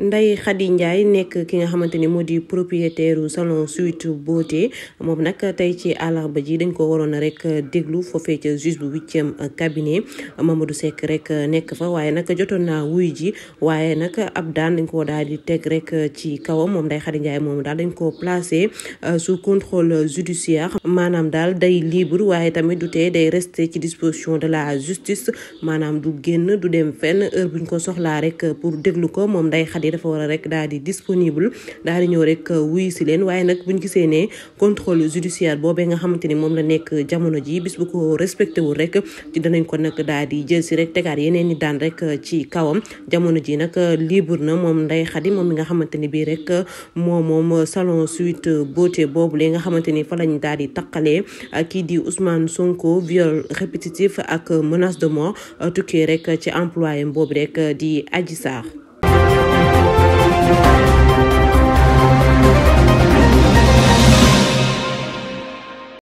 nday Khady Ndiaye nekk ki nga xamante ni moo di propriétaire salon Sweet Beauté moom nag tey ci àllarba ji dañ ko waroon rek déglu foofee ca juge bu huitième cabinet du Seck rek nekk fa waaye nag jotoon na wuy ji waaye nag ab daan dañ ko daal di teg rek ci kawam moom Ndeye Khady Ndiaye moom daal dañ ko placé euh, sous contrôle judiciaire maanaam daal day libre waaye tamit du tee day resté ci disposition de la justice maanaam du génn du dem fenn heure buñ ko soxlaa rek pour déglu ko moom Ndeye xad yi dafa war a rek daal di disponible daal di ñëw rek euh, wuyu si leen waaye nag buñ gisee ne contrôle judiciaire boobee nga xamante ni moom la nekk jamono ji bis bu ko respecté wul rek ci danañ ko nag daal di jël si rek tegaat yeneen ni daan rek euh, ci kawam jamono ji nag euh, libre na moom Ndeye Khady moom mi nga xamante ni bii rek moom moom salon suite beauté boobu lee nga xamante ni fa lañ daal di taqalee kii di Ousmane Sonko viol répétitif ak menace de mort tukkee rek ci employé boobu rek di thank you